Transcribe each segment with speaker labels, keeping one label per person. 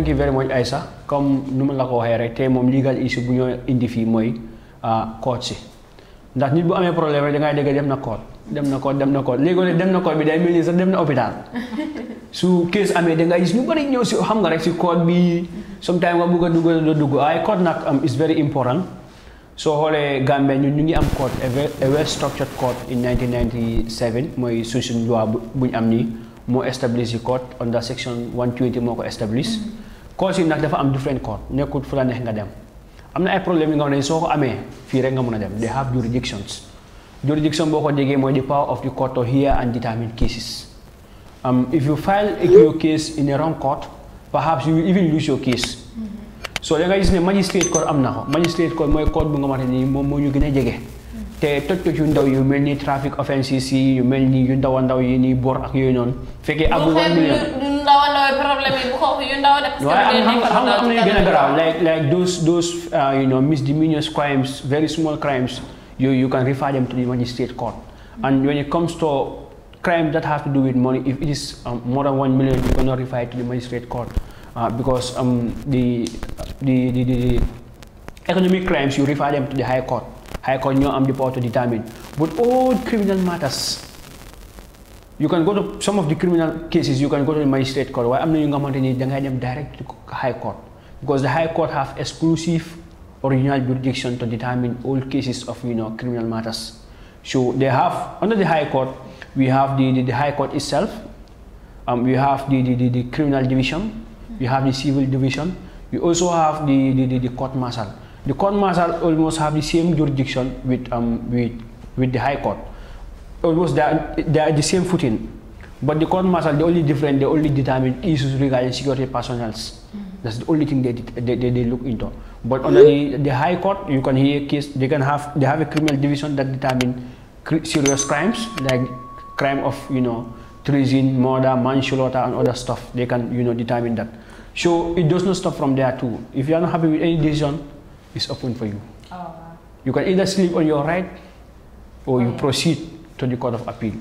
Speaker 1: thank you very much Aïssa comme nu ma la ko waxee rek te moom legal issue bu ñoo indi fii mooy ah, court si ndax nit bu amee problème rek da dégg dem na court dem na court dem na court léegi dem na court bi day mel dem na hôpital su case amee da ngay gis si xam nga rek si court bi sometimes nga bugg a dugg dugg waaye court nag am um, is very important soo xoolee Gambie ñun ñu ngi am court a well structured court in 1997 mooy su suñ loi bu ñu am nii moo establish court under section 120 moo ko establish mm-hmm. course yi nak dafa am different court nekkul fu la neex nga dem am na ay problème yi nga xam ne soo ko amee fii rek nga mën a dem they have jurisdictions jurisdiction boo ko déggee mooy the power of the court to hear and determine cases um, if you file a, your case in a wrong court perhaps you will even lose your case mm-hmm. so da nga gis ne magistrate court am na ko magistrate court mooy court bu nga xamante ni moom moo ñu gën a jege te toj toj yu ndaw yu mel ni trafic offences yi yu mel ni yu ndaw a ndaw yi nii bor ak yooyu noonu. fekkee amul one million
Speaker 2: yu ndaw a ndaw problème yi bu xoox yu ndaw de. parce que xam nga am like like
Speaker 1: those those uh, you know misdemeanors crimes very small crimes you you can refer them to the magistrate court. and when it comes to crimes that have to do with money if it is um, more than one million you cannot refer it to the magistrate court uh, because um, the, the, the, the economic crimes you refer them to the high court. I can know I'm the power to determine. But all criminal matters, you can go to some of the criminal cases, you can go to the magistrate court. Why I'm not going to direct to High Court because the High Court have exclusive original jurisdiction to determine all cases of you know criminal matters. So they have under the High Court, we have the, the, the High Court itself, um, we have the, the, the, the criminal division, we have the civil division, we also have the, the, the, the court martial. The court martial almost have the same jurisdiction with, um, with, with the High Court. Almost they are, they are the same footing. But the court martial, the only different, they only determine issues regarding security personnel. Mm -hmm. That's the only thing they, they, they, they look into. But under the, the High Court, you can hear a case, they can have, they have a criminal division that determine serious crimes, like crime of, you know, treason, murder, manslaughter, and other stuff. They can, you know, determine that. So it does not stop from there too. If you are not happy with any decision, is open for you. Oh. You can either sleep on your right or you proceed to the Court of Appeal.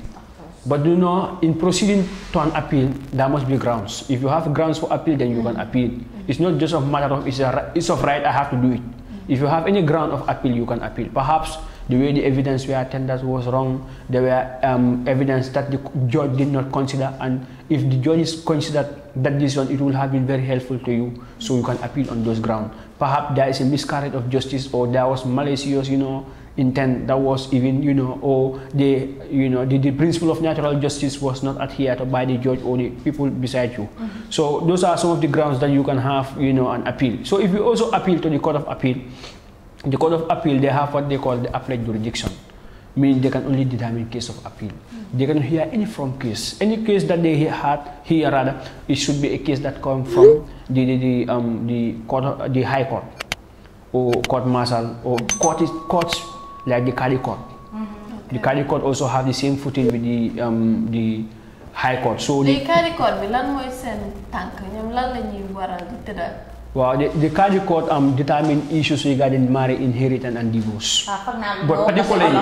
Speaker 1: But you know, in proceeding to an appeal, there must be grounds. If you have grounds for appeal, then you mm can appeal. Mm It's not just a matter of it's, a, it's of right, I have to do it. Mm If you have any ground of appeal, you can appeal. Perhaps the way the evidence were attended was wrong, there were um, evidence that the judge did not consider, and if the judge is considered that decision, it will have been very helpful to you, so you can appeal on those grounds perhaps there is a miscarriage of justice or there was malicious, you know, intent that was even, you know, or the, you know, the, the principle of natural justice was not adhered by the judge or the people beside you. Mm -hmm. So those are some of the grounds that you can have, you know, an appeal. So if you also appeal to the Court of Appeal, the Court of Appeal, they have what they call the appellate jurisdiction. mean they can only determine case of appeal. Mm. -hmm. They can hear any from case, any case that they had here rather, it should be a case that come from the the, the um the court the high court or court martial or court is, courts like the Cali court. Mm,
Speaker 2: -hmm. okay. The
Speaker 1: mm-hmm. Cali court also have the same footing with the um the high court. So the, the
Speaker 2: Cali court, we lan moy sen tank We learn the new world.
Speaker 1: Wow, the, the Kaji court um, determine issues regarding marriage, inheritance, and divorce.
Speaker 2: Ah, ni, ni But particularly,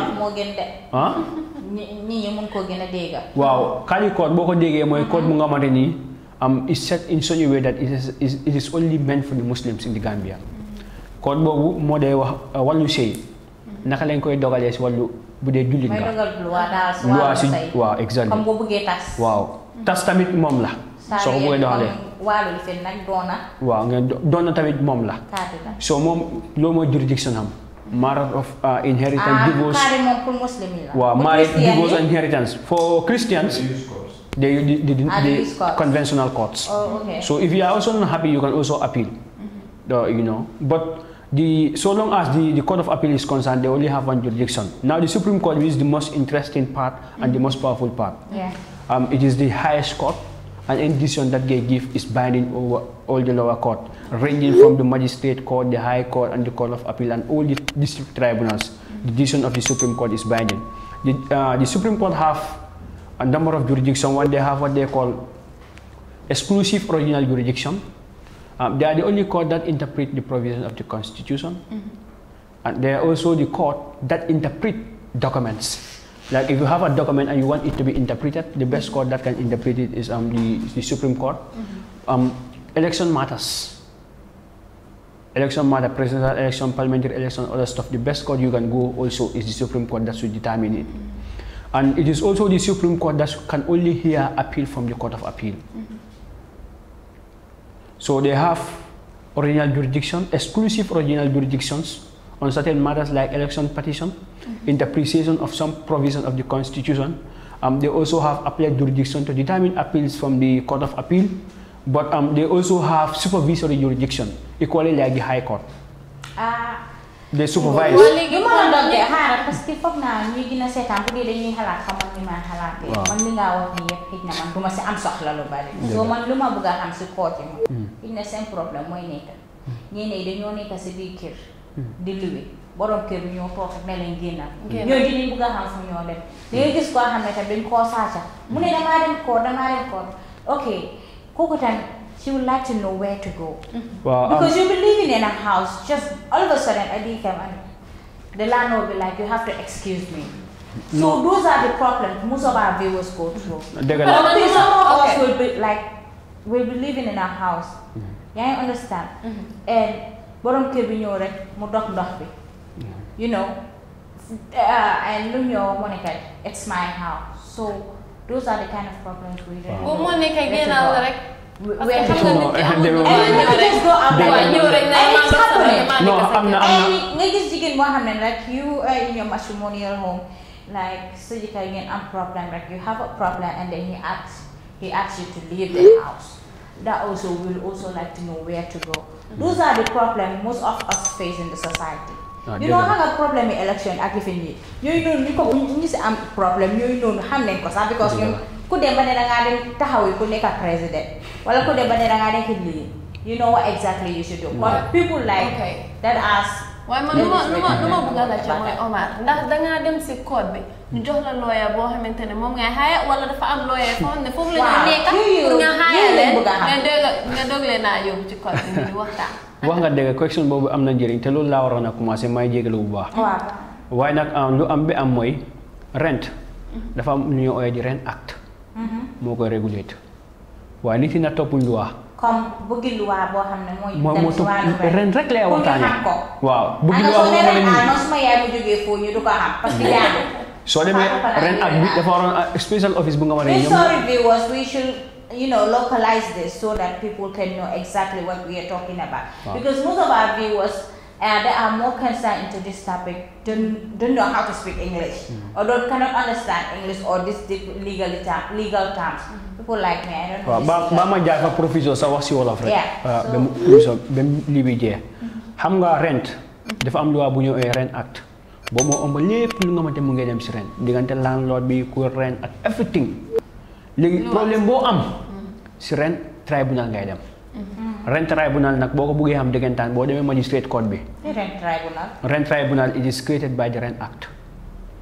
Speaker 1: huh? wow, Kaji court, boko dege moy court mo mm-hmm. ngamane ni um is set in such a way that it is, is it is only meant for the Muslims in the Gambia. Mm-hmm. Court bobu mo day wax uh, walu sey mm-hmm. naka lañ koy dogalé ci walu bu dé julit nga. Moy dogal
Speaker 2: loi da loi ci
Speaker 1: waaw exactly. Comme
Speaker 2: bo bëggé tas.
Speaker 1: Waaw. Tas tamit mom la. So ko bëggé dogalé.
Speaker 2: waalo yi fen nag doona
Speaker 1: waaw ngeen doona tamit moom la so mom, loolu mooy jurisdiction am matter of uh, inheritance ah, divorce
Speaker 2: waaw marriage divorce and
Speaker 1: inheritance for Christians they, they, they, they, ah, they courts. conventional courts
Speaker 2: oh, okay. so
Speaker 1: if you are also not happy you can also appeal mm
Speaker 3: -hmm.
Speaker 1: uh, you know but the so long as the, the court of appeal is concerned they only have one jurisdiction now the supreme court is the most interesting part and mm -hmm. the mm-hmm. most powerful part yeah. um, it is the highest court and any decision that they give is binding over all the lower court, ranging from the magistrate court, the high court, and the court of appeal, and all the district tribunals. The decision of the Supreme Court is binding. The, uh, the Supreme Court have a number of jurisdictions. One, they have what they call exclusive original jurisdiction. Um, they are the only court that interpret the provisions of the Constitution. Mm -hmm. And they are also the court that interpret documents. Like if you have a document and you want it to be interpreted, the best mm-hmm. court that can interpret it is um, the, the Supreme Court. Mm -hmm. um, election matters. Election matter, presidential election, parliamentary election, other stuff. The best court you can go also is the Supreme Court that should determine it. Mm -hmm. And it is also the Supreme Court that can only hear appeal from the Court of Appeal. Mm -hmm. So they have original jurisdiction, exclusive original jurisdictions on certain matters like election petition, mm-hmm. interpretation of some provision of the Constitution. Um, they also have appellate jurisdiction to determine appeals from the Court of Appeal, but um, they also have supervisory jurisdiction, equally like the High Court. Uh, they supervise. loolu léegi kon donc xaaral
Speaker 2: parce que foog naa a di borom kër ñoo toog ne leen génnal ñoo dinañ bëgg a xam fu ñoo dem da gis koo xam ne tam dañ koo mu ne damaa dem koor damaa dem koor ok kooku tam she would like to know where to go
Speaker 1: wow, um, because um, you'll
Speaker 2: be living in a house just all of a sudden I think come um, and the landlord will be like you have to excuse me so those are the problems most of our viewers go through mm-hmm. They're okay,
Speaker 3: some of okay. us will
Speaker 2: be like we'll be living in a house mm -hmm. yeah I understand mm -hmm. and borom kër bi ñëw rek mu dog ndox bi you know uh, and lu ñëw mu ne kay it's my house so those are the kind of problems
Speaker 1: we do bu mu
Speaker 2: ne kay génnaaw la rek parce que xam nga no am na am na nga gis jigéen boo xam ne rek you in your matrimonial home like sa jëkkër ngeen am problème rek you have a problem and then he asks he asks you to leave the house that also will also like to know where to go. Mm. Those are the problems most of us face in the society. Ah, you know nga problème yi élection ak yëfin yi yooyu noonu ñu ko ñu si You know, yooyu noonu xam nañ ko sax because ñun ku dem ba ne da ngaa dem taxaw yi ku nekk président wala ku dem ba ne da you know what exactly you should do. but people like that ask. waaye man lu ma lu ma lu ma bëgg a laajte mooy Omar ndax dangaa dem si code bi ñu jox la lawyer boo xamante ne moom ngay xaaya wala dafa am lawyer foo xam ne foofu la ñu nga xaaya leen doog leen naa yóbbu ci code bi ñu
Speaker 1: waxtaan boobu am na njëriñ te loolu laa waroon a commencé may jégalu bu baax waaye nag ah, lu am bi am mooy rent mm-hmm. dafa am lu ñuy ooyee di rent act mm-hmm. moo koy régulate waaye li ci na topp loi
Speaker 2: comme bëgg luwaa boo xam ne mooy. moo moo
Speaker 1: ren rek lay waxtaanee ko. waaw bëgg luwaa moom la ñuy ah
Speaker 2: suma yaay mu jógee foo ñu du ko xam. parce que yaa
Speaker 1: soo demee ren ak bi dafa waroon special office bu nga war a ñoom. sorry
Speaker 2: viewers we should you know localize this so that people can know exactly what we are talking about. because most of our viewers. uh, eh, they are more concerned into this topic don't don't know how to speak English mm. or don't cannot understand English or this legal term, legal terms. Mm -hmm. People like me, I don't know. Ba
Speaker 1: ba ma jaay fa professeur sa wax ci wolof rek. Yeah. Bem ah, so bem li bi jé. Hmm. Xam nga rent dafa am loi bu ñëw rent act. Bo mo ëmb lépp lu nga mënte mu ngay dem ci rent. Digante landlord bi ku rent ak everything. Légui problème bo am ci hmm. rent tribunal ngay dem. Hmm. ren tribunal nag boo ko buggee xam dëggantaan boo demee magistrate court bi.
Speaker 2: ren tribunal.
Speaker 1: ren tribunal it is created by the Rent Act.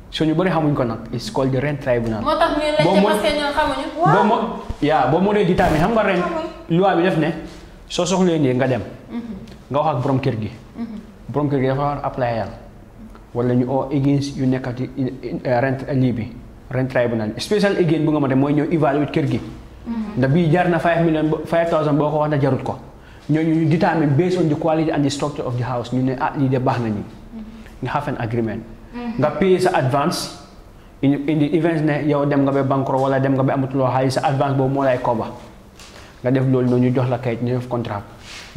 Speaker 1: so ñu bëri xamuñ ko nag it's called the Rent Tribunal. moo
Speaker 2: boo mo
Speaker 1: boo mënee déterminer xam nga ren. loi bi def ne soo nga dem. Mhm. nga wax borom kër gi. Mhm. borom kër gi dafa war applier wala ñu oo against yu eh, eh, bi Rent Tribunal special bu nga ma dem mooy ñëw évaluer kër gi. Mhm. ndax jar na 5 million 5000 boo ko wax ne jarut ko. ñooñu ñu determine based on the quality and the structure of the house ñu ne ah li de bax na ñi nga have an agreement
Speaker 3: mm-hmm. nga payer sa
Speaker 1: advance in in the event ne yow dem nga ba bankro wala dem nga ba lo xaalis sa advance boobu mo lay koba nga def lool ñu jox la kayit ñu def contrat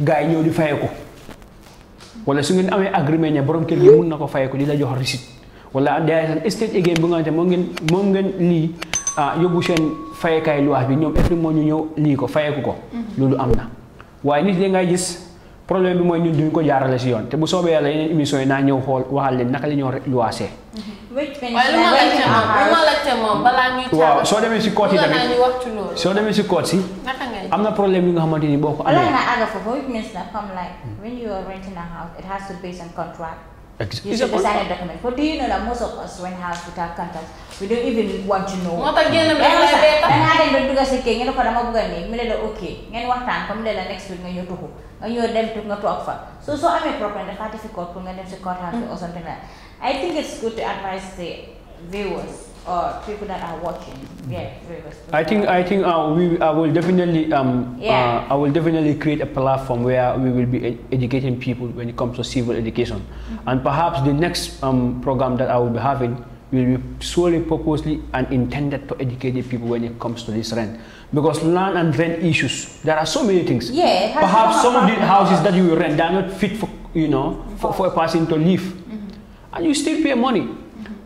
Speaker 1: gaay ñoo di fayeku wala su ngeen amé agreement ne borom kër gi mën nako fayeku di la jox receipt wala day sen estate again bu nga xamante mo ngeen mo ngeen li ah yobu sen fayekay loi bi ñom every moo ñu ñew li ko fayeku ko mm-hmm. loolu amna waaye nit ñi ngay gis problème bi mooy ñun duñ ko jaarale si yoon te bu soobee yàlla yeneen émission yi naa ñëw xool waxal leen naka la ñoo luwaasee. waaw soo demee si koot yi tamit soo demee si koot si. am na problème yi nga xamante ni boo ko amee. You should design a
Speaker 2: document. For da ngaa ba dugg si kii ngeen ko dama bëgg a nii mu ne la ok ngeen waxtaan comme ne la next week nga ñëw tuxu nga ñëw dem tuxu nga toog fa. so soo amee problème dafa difficult pour nga dem si court house or something like I think it's good to advise the viewers. or people that are watching. Yeah, I think
Speaker 1: I think uh, we I will definitely um yeah. Uh, I will definitely create a platform where we will be educating people when it comes to civil education, mm -hmm. and perhaps the next um, program that I will be having will be solely purposely and intended to educate the people when it comes to this rent. Because land and rent issues, there are so many things. Yeah, Perhaps some of the houses that you rent, they are not fit for, you know, for, for a person to live. Mm -hmm. And you still pay money.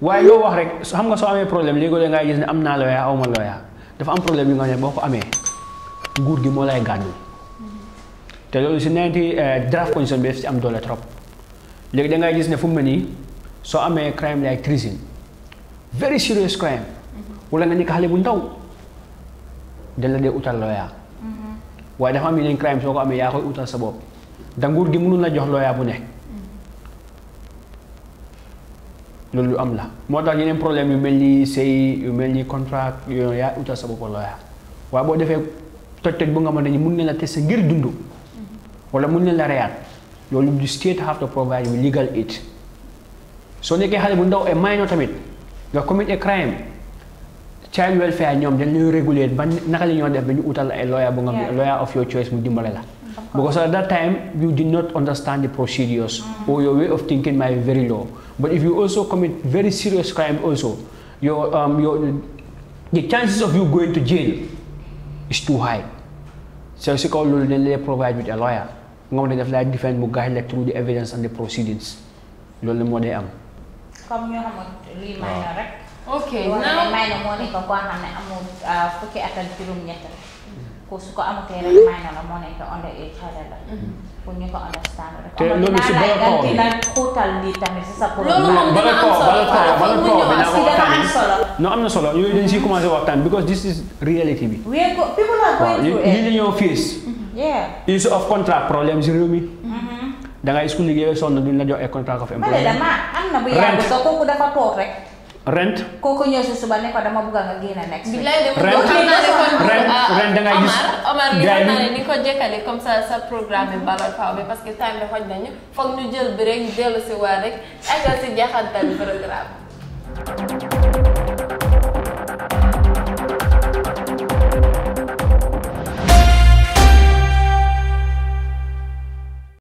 Speaker 1: way loo wax rek xam nga so amé problème légui lay ngay gis ni am problem awma loya dafa am problème yi nga ne boko amé nguur gi mo lay gaddu té lolu ci ninety eh, draft condition bi ci am doole trop légui da ngay gis ni fu mu ne nii crime like treason very serious crime wala nga ni xale bu ndaw dañ la dé outal loya
Speaker 3: mm-hmm.
Speaker 1: way dafa am yeneen crime soko amé ya koy outal sa bop da nguur gi mënu la jox loya bu ne loolu du am la moo tax yeneen problème yu mel nii say yu mel ni contrat yooyu yaa utal sa bopp looya waaye boo defee toj toj bu nga mën ne mun ne la tester ngir dund wala mun ne la reyaat loolu du state have to provide with legal aid soo nekkee xale bu ndaw e minor tamit nga commit a crime child welfare ñoom dañ lay réguler ban naka la ñoo def ba ñu utal ay lawyer bu nga lawyer of your choice mu dimbale la Because at that time, you did not understand the procedures mm. or your way of thinking might be very low. But if you also commit very serious crime also, your, um, your, the chances of you going to jail is too high. So si kaw loolu dañ provide with a lawyer nga mën a def lay defend mu guide la through the evidence and the proceedings loolu la moo day am.
Speaker 2: comme ñoo xamante lii may rek. ok now may na moo nekk koo xam ne amul ah, fukki at ak room nett ko su ko amatee rek may la moo nekk under each other
Speaker 1: te loolu si bële bi dina
Speaker 2: xóotal lii tamit
Speaker 1: am na solo yooyu dañ siy commencé waxtaan bi. ko
Speaker 2: people are going through it. lii la ñoo face. Mm-hmm. yeah.
Speaker 1: use of contract problème si réew mi.
Speaker 2: Mm-hmm.
Speaker 1: la jox ay contract of
Speaker 2: dafa toog rek. rent. kooku ñëw si suba ne ko dama bëgg nga génn nekk. rent da ngay nga xam ne ni ko jëkkale comme ça sa programme bi balal faaw bi parce que temps bi xoj nañu foog ñu jël bi rek dellu eh, si waa rek eggal si jeexantal programme.